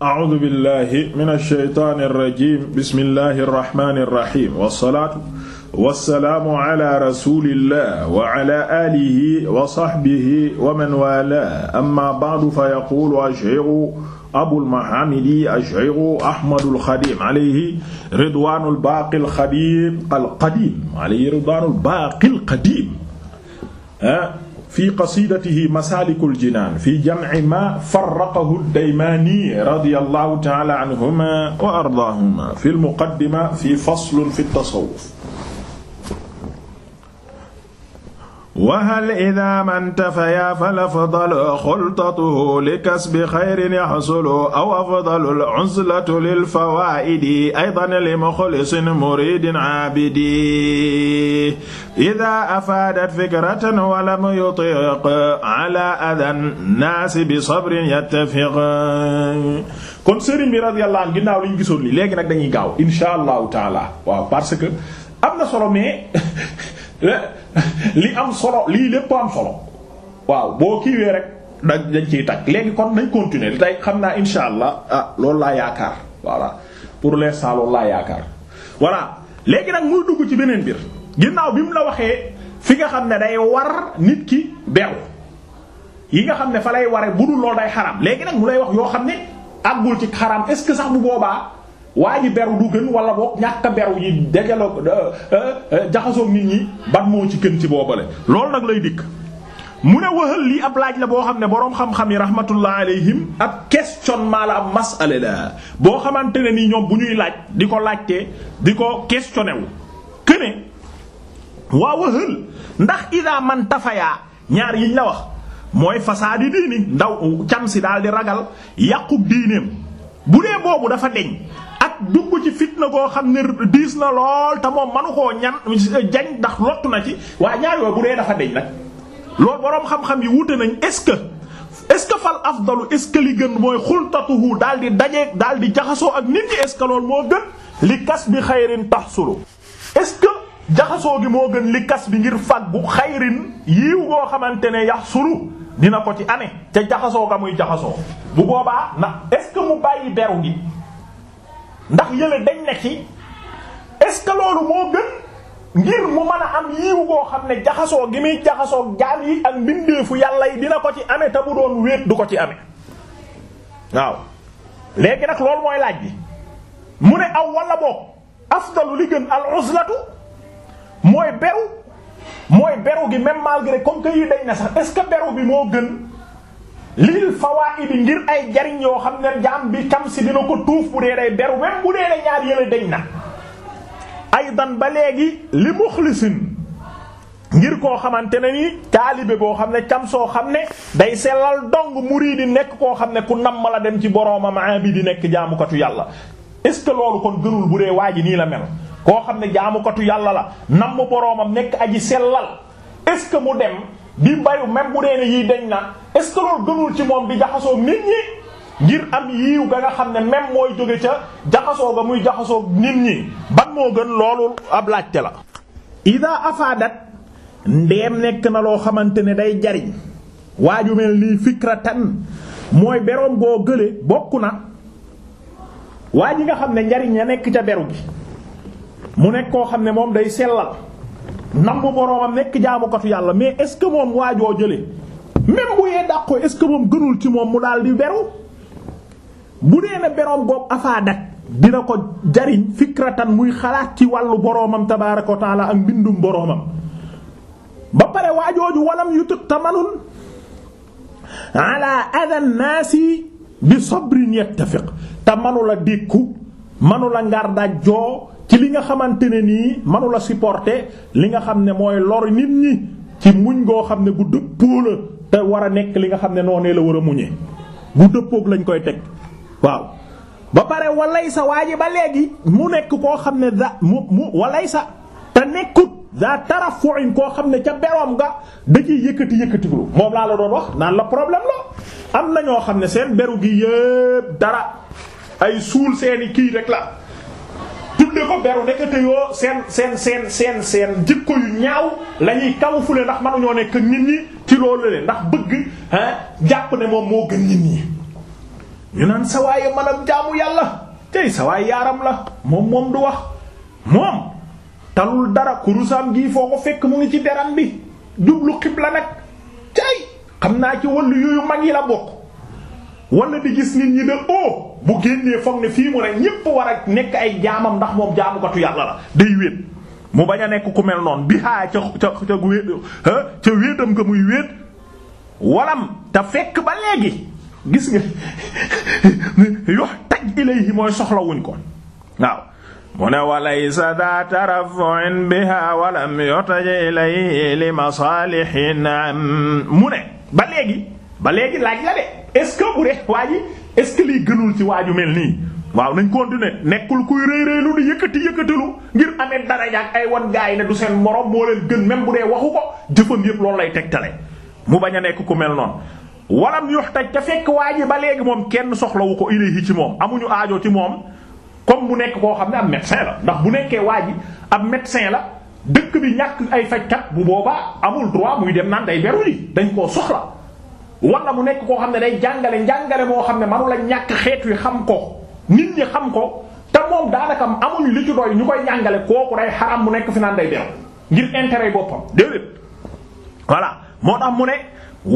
a'uudu billahi mina shaytaani rajiim bismillahi rahmaani rahiim wasalaatu wasalaamu ala rasulillah wa ala aalihi wa sahbihi wa man waalaahu amma ba'du fa yaquulu ash-shaykhu abul mahaamidi ash-shaykhu ahmadul xadiim alayhi ridwaanul baaqil xadiim al qadiim alayhi ridwaanul baaqil qadiim ah, fi qasidatihi masalikul jinaan fi jam'i ma farraqahu ad-Daymaani radiyallahu ta'ala anhuma wa ardaahuma fi al-muqaddima fi faslun fi at-tasawwuf wahal ida mantafa yaa fal afdal xultatuhu li kasbi xayrin yaxsulu aw afdalul uzlatu lil fawaa'idi aydan li muxlisin muridin aabidi ida afaadat fikratan walam yutiq ala adan naasi bi sabrin yattafiq kon sëriñ bi radiyallahu anhu ginnaaw li ñu gisoon li léegi nag dañuy gaaw insha allahu taala waaw parce que am na solo mais Eh? li am solo lii lépp am solo waaw boo kiiwee rek dañ dañ ciy takk léegi kon nañ continuer li tey xam naa insha allah ah loolu laa yaakaar voilà pour l'instant loolu laa yaakaar voilà léegi nag muy dugg ci beneen mbir ginnaaw bi mu la waxee fi nga xam ne day war nit ki beew yi nga xam ne fa lay ware bu dul loolu day xaram léegi nag mu lay wax yoo xam ne àggul ci xaram est ce que sax bu boobaa waa ji beru du gën wala boo ñàkk a beru yi dajaloo euh, euh, euh, jaxasoo nit ñi ban moo ci gën ci boobale lool nag lay dikk mu ne waxal lii ab laaj la boo xam ne boroom xam-xam yi rahmatullah alayhim ab questionnement la ab masale la boo xamante ne nii ñoom bu ñuy laaj di ko laajte di ko questionné wu këne waa waxal ndax ida man tafayaa ñaar yiñ la wax mooy fasaadi diini ndaw cam si di ragal yàqub diineem bu dee boobu dafa deñ dugg ci fitna koo xam ne diis na lool te moom manu koo ñan jañ ndax lottu na ci waaye ñaar yooyu bu dee dafa deñ nag loolu boroom xam-xam yi wute nañ est-ce que est-ce que fal afdalu est-ce que li gën mooy xultatuhu daal di daje daal di jaxasoo ak nit ñi est-ce moo gën li kas bi xayrin tahsulu est-ce que jaxasoo gi moo gën li kas bi ngir fag bu xayrin yiiw goo xamante ne yaxsulu dina ko ci ane ca jaxasoo ga muy jaxasoo bu boobaa na est-ce que mu bàyyi beru gi ndax yële dañ na ci est-ce que loolu moo gën ngir mu mën a am yiiw goo xam ne jaxasoo gi muy jaxasoo jaam yi ak mbindeefu yàlla yi dina ko ci amee te mu doon wéet du ko ci ame waaw léegi nag loolu mooy laaj bi mu ne aw wala boog afdalu li gën al uzlatu mooy beru mooy beru gi même malgré comme que yi dañ na sax est-ce que beru bi moo gën. lil fawaa'idi ngir ay jariñ yoo xam ne jaam bi tam si dina ko tuuf bu dee day beru même bu dee day ñaar yële dañ na aydan ba léegi li muxlisin ngir koo xamante ne ni taalibe boo xam ne cam soo xam ne day sellal dong muriidi nekk koo xam ne ku nam la dem ci boroomam di nekk jaamukatu yàlla est-ce que loolu kon gënul bu dee waa ji nii la mel koo xam ne jaamukatu yàlla la nam boroomam nekk aji sellal est-ce que mu dem di bayu même bu dee ne yii dañ na est-ce que loolu ci moom di jaxasoo nit ñi ngir am yiiw ga nga xam ne même mooy jóge ca jaxasoo ga muy jaxasoo nit ñi ban moo gën loolu ab laajte la ida afadat ndeem nekk na loo xamante ne day jariñ waaju mel nii fikratan mooy beroom goo gële bokk na waa ji nga xam ne njariñ la nekk ca beru gi mu nekk koo xam ne moom day sellal nam mu boroomam nekk jaamukatu yàlla mais est ce que moom waajoo jële même bu yee dàqoo est ce que moom gënul ci moom mu daal di beru bu dee ne beroom googu afaadak dina ko jariñ fikratan muy xalaat ci wàllu boroomam tabaaraka wa taala ak mbindum boroomam ba pare waajooju walam yutuk tamanun ala adan naasi bi sabrin yattafiq te manula dékku manula ngar dajjoo ci li nga xamante ne nii manula supporter li nga xam ne mooy lor nit ñi ci muñ goo xam ne bu dëppoo la te war a nekk li nga xam ne noonee la war a muñee bu dëppoog lañ koy teg waaw ba pare walay sa waa ba léegi mu nekk koo xam ne da mu mu walay sa te nekkut daa tarafuin koo xam ne ca bewam ga da ciy yëkkati yëkkati lu moom laa la doon wax naan la problème la am na ñoo xam ne seen beru gi yépp dara ay suul seeni kii rek la tudde ko beru ndekete yoo seen seen seen seen seen ñaaw lañuy ñuy kaw fule ndax mënuñoo nekk nit ñi ci loolu le ndax bëgg ah jàpp ne moom moo gën nit ñi. ñu naan sa waaye manam yàlla tey sa waay yaaram moom du wax moom talul dara kurusam gii foo ko fekk mu ngi ci deram bi jublu xibla nag tey xam naa ci wàllu yooyu mag yi la bokk. wala di gis nit ñi de oh bu génnee foog ne fii mu ne ñépp war a nekk ay jaamam ndax moom jaamukatu yàlla la day wéet mu bañ a nekk ku mel noonu bi haa ca ca ca wéet ca wéetam nga muy wéet walam te fekk ba léegi gis nga yox taj ilayhi mooy soxlawuñ ko waaw mu ne walaysa da tarafuin biha walam yotaj ilayhi li masalihin am mu ne ba léegi ba léegi laaj la de est-ce que bu dee waa ji est-ce que liy gënul ci waaju mel nii waaw nañ continuer nekkul kuy rëy rëylu di yëkkati yëkkatalu ngir amee daraja ak ay wan gaay ne du seen morom moo leen gën même bu dee waxu ko jëfam yëpp loolu lay tegtale mu bañ a nekk ku mel noonu walam yuxtaj te fekk waa yi ba léegi moom kenn soxlawu ko ilayhi ci moom amuñu aajoo ci moom comme bu nekk koo xam ne am médecin la ndax bu nekkee waa ji am médecin la dëkk bi ñàkk ay fajkat bu boobaa amul droit muy dem naan day beru dañ koo soxla wala mu nekk koo xam ne day jàngale njàngale moo xam ne manu la ñàkk xeet wi xam ko nit ñi xam ko te moom daanaka amuñu li ci doy ñu koy jàngale kooku day xaram mu nekk fi naan day dellu ngir intérêt boppam déedéet voilà moo tax mu ne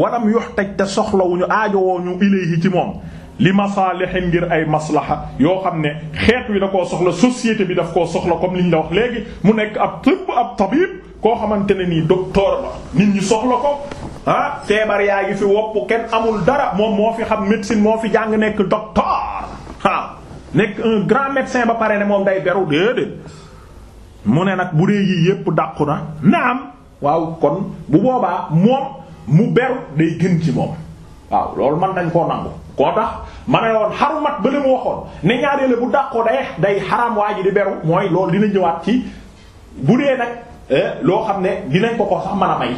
walam yuhtaj te soxlawuñu aajowooñu ilayhi ci moom li masalihin ngir ay maslaha yoo xam ne xeet wi da koo soxla société bi daf koo soxla comme liñ la wax léegi mu nekk ab tëb ab tabib koo xamante ne nii docteur la nit ñi soxla ko ah feebar yaa ngi fi wopp kenn amul dara moom moo fi xam médecine moo fi jàng nekk docteur waaw nekk grand médecin ba pare ne moom day beru déedéet mu ne nag bu dee yii yépp dàqu na naam waaw kon bu boobaa moom mu beru day gën ci moom waaw loolu man dañ koo nangu koo tax ma ne woon mat ba li mu waxoon ne ñaareele bu dàqoo day day xaram waa ji di beru mooy loolu dina jëwaat ci bu dee nag eh, loo xam ne dinañ ko ko sax mën a may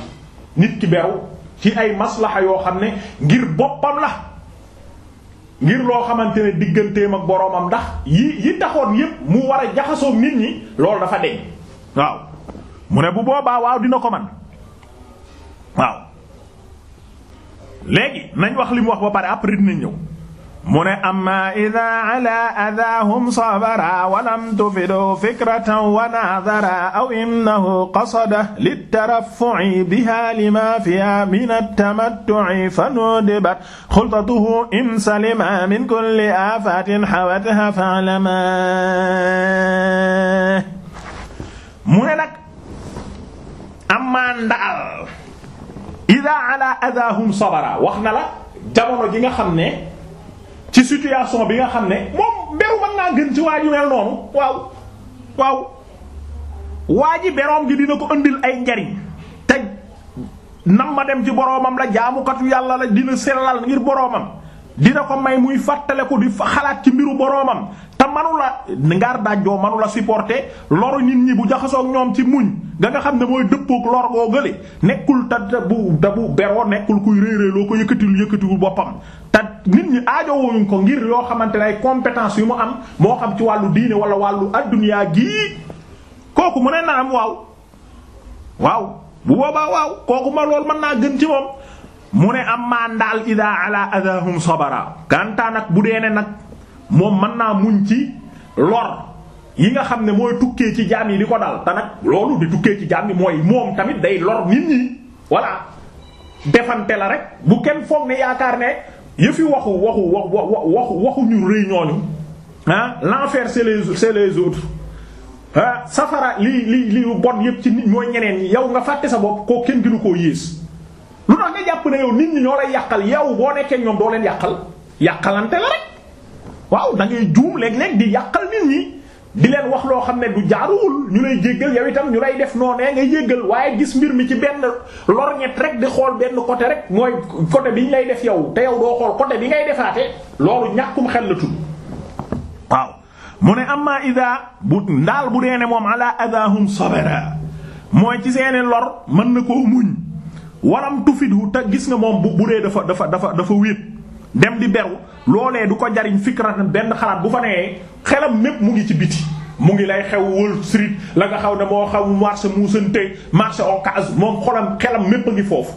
nit ki beru ci ay maslaha yoo xam ne ngir boppam la ngir loo xamante ne digganteem ak boroomam ndax yi yi taxoon yépp mu war a jaxasoo nit ñi loolu dafa deñ waaw mu ne bu boobaa waaw dina ko man waaw léegi nañ wax li mu wax ba pare après dinañ ñëw mu ne amma ida ala adahum sabara walam tufidu fikratan wa nadara aw innahu qasada litarafu'i biha lima fiha min at-tamattu'i fanudibat xultatuhu in salima min kulli afatin hawataha fa'lama mu ne nag amma ndaal ida ala adahum sabara wax na la jamono ji nga xam ne ci situation bi nga xam ne moom beru mën gën ci waa ji mel noonu waaw waaw waa ji beroom gi dina ko andil ay njariñ te nam ma dem ci boroomam la jaamukatu yàlla la dina sellal ngir boroomam dina ko may muy fàttale ko di xalaat ci mbiru boroomam te manu la ngaar dajjoo manu la supporter loru nit ñi bu jaxasoog ñoom ci muñ nga nga xam ne mooy dëppook lor goo gële nekkul te bu te bu beroo nekkul kuy réeréer loo ko yëkkatil yëkkatiwul boppam te nit ñi aajowuñ ko ngir yoo xamante ne ay compétence yu mu am moo xam ci wàllu diine wala wàllu adduniyaa gii kooku mu ne na am waaw waaw bu boobaa waaw kooku ma loolu mën naa gën ci moom mu ne am maa ndaal idaa ala adahum sabara kantaa nag bu dee ne nag moom mën naa muñ ci lor yi nga xam ne mooy tukkee ci jaam yi di ko dal te nag loolu di tukkee ci jaam yi mooy moom tamit day lor nit ñi voilà defante la rek bu kenn foog ne yaakaar ne yëfi waxu waxu waxu waxuñu rëy ñooñu ah, l'enfer c'est les c'est les autres ah, safara li li li bon yëpp ci nit mooy ñeneen ñi yow nga fàtte sa bopp koo kenn gënu koo yées lu tax nga jàpp ne yow nit ñi ñoo lay yàqal yow boo nekkee ñoom doo leen yàqal yàqalante la rek waaw dangay ngay juum léeg-léeg di yàqal nit ñi di leen wax loo xam ne du jaaruwul ñu lay jéggal yow itam ñu lay def ne ngay jéggal waaye gis mbir mi ci benn lorñet rek di xool benn côté rek mooy côté bi ñu lay def yow te yow doo xool côté bi ngay defaate loolu ñàkkum xel na tudd waaw mu ne amma ida bu ndaal bu dee ne moom ala adahum sabara mooy ci seeni mën na koo muñ waram tufidhu te gis nga moom bu bu dee dafa dafa dafa dafa wéet dem di beru loolee du ko jariñ fikratan benn xalaat bu fa nee xelam mépp mu ngi ci biti mu ngi lay xew Wall Street la nga xaw ne moo xaw marché muusante marché occas moom xolam xelam mépp a ngi foofu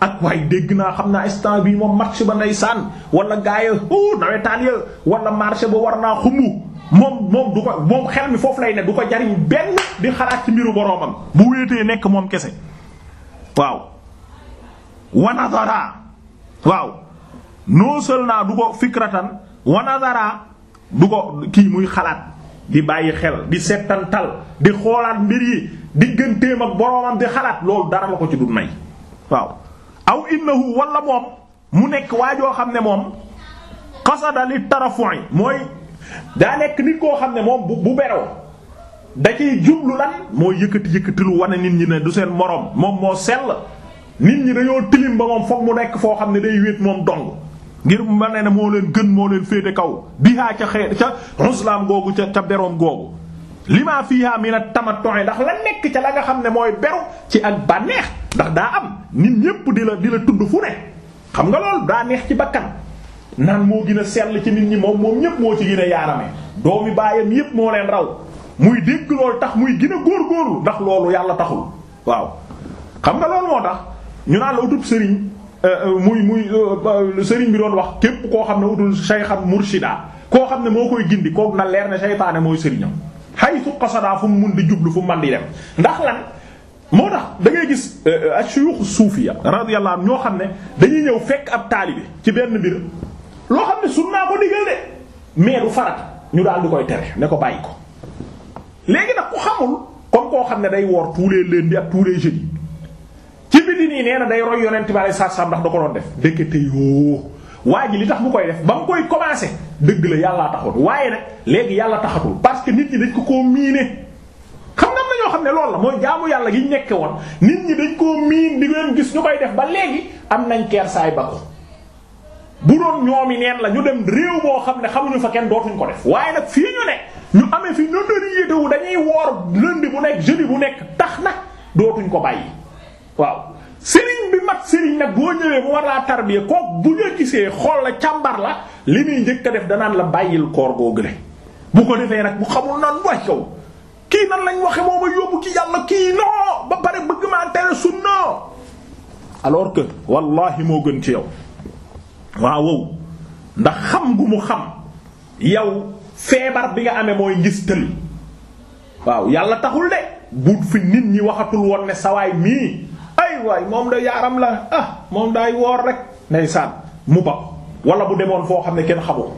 ak waaye dégg naa xam naa instant bi moom marché ba nay sànn wala gaa ya o oh, nawetaan ya wala marché ba war naa xumbu moom moom moom xel mi foofu lay ne du ko jariñ benn di xalaat ci mbiru boroomam bu wéetee nekk moom kese waaw wanadara waaw non seulement du ko fikratan wanadara du ko kii muy xalaat di bàyyi xel di settantal di xoolaat mbir yi digganteem ak boromam di xalaat loolu dara la ko ci dul may waaw aw innahu wala moom mu nekk waa joo xam ne moom qasada li tarafu'i mooy daa nekk nit koo xam ne moom bu bu beroo da ciy jublu lan mooy yëkkati yëkkati wane nit ñi ne du seen morom moom moo sell nit ñi dañoo tilim ba moom foog mu nekk foo xam ne day wéet moom dong ngir ma ne ne moo leen gën moo leen féete kaw bihaa ca xeer ca xuslaam googu ca ca beroom googu lima fiha min at-tamattu ndax la nekk ca la nga xam ne mooy beru ci ak bànneex ndax daa am nit ñépp di la di la tudd fu ne xam nga loolu daa neex ci bakkan naan moo gën a sell ci nit ñi moom moom ñépp moo ci gën a yaarame doomi baayam yépp moo leen raw muy dégg loolu tax muy gën a ndax loolu yàlla taxul ñu naan la utub sëriñ euh, euh, muy muy euh, sëriñ bi doon wax képp koo xam ne utul shaykhan murshida koo xam ne moo koy gindi kooku na leer ne seytaane mooy sëriñam haythu qasada fu mu mën di jublu fu mu mën di dem ndax lan moo tax da ngay gis ashuyukh suufiya radiyallahu anhum ñoo xam ne dañuy ñëw fekk ab taalibe ci benn mbir loo xam ne sunnaa ko digal de mais du farat ñu daal di koy tere ne ko bàyyi ko léegi nag ku xamul comme koo xam ne day woor tous les lundis ak cuisine nii nee na day roy yonent bi alayhi salaam ndax da ko doon def ndekete yoo waa ji li tax mu koy def ba mu koy commencer dëgg la yàllaa taxoon waaye nag léegi yàlla taxatul parce que nit ñi dañ ko koo miine xam nga am ñoo xam ne loolu la mooy yàlla gi ñu nekke woon nit ñi dañ koo miin di leen gis ñu koy def ba léegi am nañ kersaay ba ko bu doon ñoomi neen la ñu dem réew boo xam ne xamuñu fa kenn dootuñ ko def waaye nag fii ñu ne ñu amee fi notoriété wu dañuy woor lundi bu nekk jeudi bu nekk tax nag dootuñ ko bàyyi waaw sëriñ bi mat sëriñ nag boo ñëwee bu war laa tarbiya kook bu la gisee xool la càmbar la li muy njëkk a def danaan la bàyyil koor goo gële bu ko defee nag bu xamul naan wax nan lañ waxe moo ma yóbbu ci yàlla ba pare bëgg maa tere sunna alors que moo gën ci yow waawow ndax xam gu mu xam yow feebar bi nga amee mooy ngis tël waaw yàlla taxul de buut fi nit ñi waxatul woon ne sawaay mii ay waay moom da yaaram la ah moom daay woor rek ndeysaan mu ba wala bu demoon foo xam ne kenn xamoo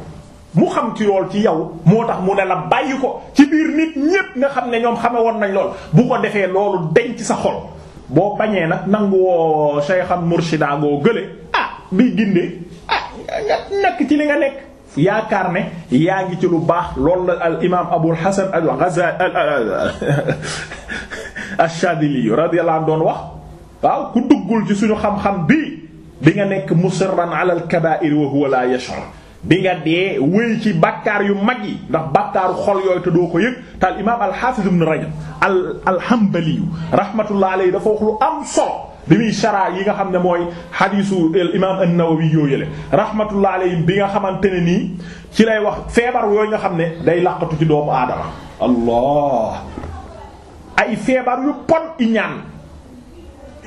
mu xam ci lool ci yow moo tax mu ne la bàyyi ko ci biir nit ñépp nga xam ne ñoom xame woon nañ lool bu ko defee loolu denc sa xol boo bañee nag nangu woo shaykhan murshida goo gële ah bi gindee ah nga nekk ci li nga nekk yaakaar ne yaa ngi ci lu baax loolu la al imaam abul hasan al ghazali al shadili radiyallahu doon wax waaw ku duggul ci suñu xam-xam bi nga nekk musirran ala al wa huwa la di nga ci bàkkaar yu mag yi ndax bàkkaaru xol yooyu te doo ko yëg te al imaam al-Hafiz ibn Rajab al al-Hanbali rahmatullah alayhi dafa wax am solo bi muy sharaa yi nga xam ne mooy hadisu al imaam an-Nawawi yoo yële rahmatullah bi nga xamante ne nii ci lay wax feebar yooyu nga xam ne day laqatu ci doomu aadama. allah ay feebar yu pon i ñaan.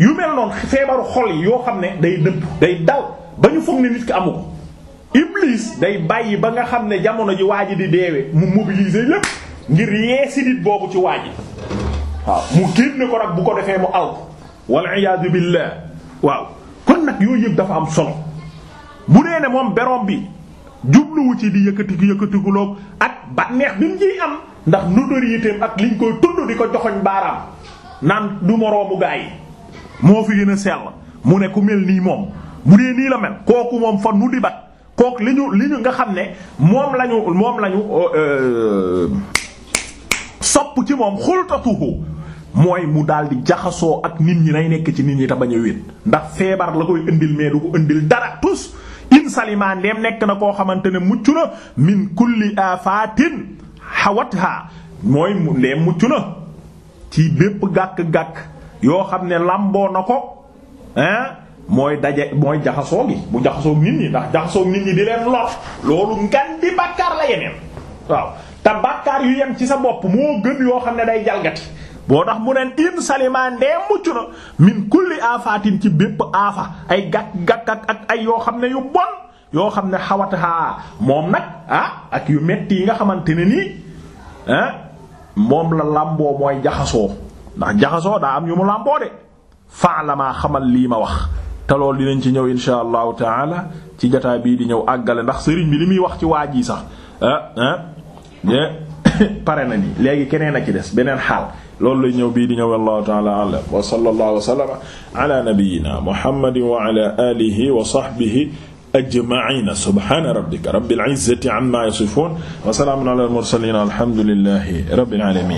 yu mel noonu feebaru xol yoo xam ne day dëpp day daw ba ñu foog ne nit ki amu ko iblis day bàyyi ba nga xam ne jamono ji waa ji di deewee mu mobiliser lépp ngir yeesi nit boobu ci waa ji waaw mu génne ko nag bu ko defee mu aw wal iyaadu billah waaw kon nag yooyu yëpp dafa am solo bu nee ne moom beroom bi jubluwu ci di yëkkatiku yëkkatikuloog ak bànneex bi mu am ndax nu notoriété ak liñ koy tudd di ko joxoñ baaraam naan du moroomu gaa yi moo fi gën a sell mu ne ku mel nii moom bu dee nii la mel kooku moom fa nu di bat kooku li ñu li ñu nga xam ne moom la ñu moom la euh, sopp ci moom xultatuhu mooy mu daal di jaxasoo ak nit ñi nay nekk ci nit ñi te bañ a wéet ndax feebar la koy indil mais du ko indil dara tus insaliman ndeem nekk na koo xamante ne mucc na min kulli afatin hawatha mooy ndeem mucc na ci bépp gàkk-gàkk yoo xam ne lamboo na ko hein mooy daje mooy jaxasoo gi bu jaxasoo nit ñi ndax jaxasoo nit di leen lor loolu ngan di bàkkaar la yeneen waaw te bàkkaar yu yem ci sa bopp moo gën yoo xam ne day jalgati boo tax mu neen in salima ndee mucc na min kulli aafaatin ci bépp aafa ay gàkk-gàkk ak ay yoo xam ne yu bon yoo xam ne xawataha moom nag ah ak yu metti yi nga xamante ne nii ah moom la làmboo mooy jaxasoo ndax jaxasoo daa am ñu mu làmboo de fa'lama xamal lii ma wax te loolu dinañ ci ñëw insha allahu taala ci jataay bii di ñëw àggale ndax sëriñ bi li muy wax ci waaj yi sax ah ah pare na nii léegi keneen a ci des beneen xaal loolu lay ñëw bii di ñëw wallahu taala alam wa sallallahu wa sallama ala nabiyyina muhammadin wa ala alihi wa sahbihi ajma'in subhana rabbika rabbil izzati amma yasifun wa salamun ala al mursalin alhamdulillahi rabbil alamin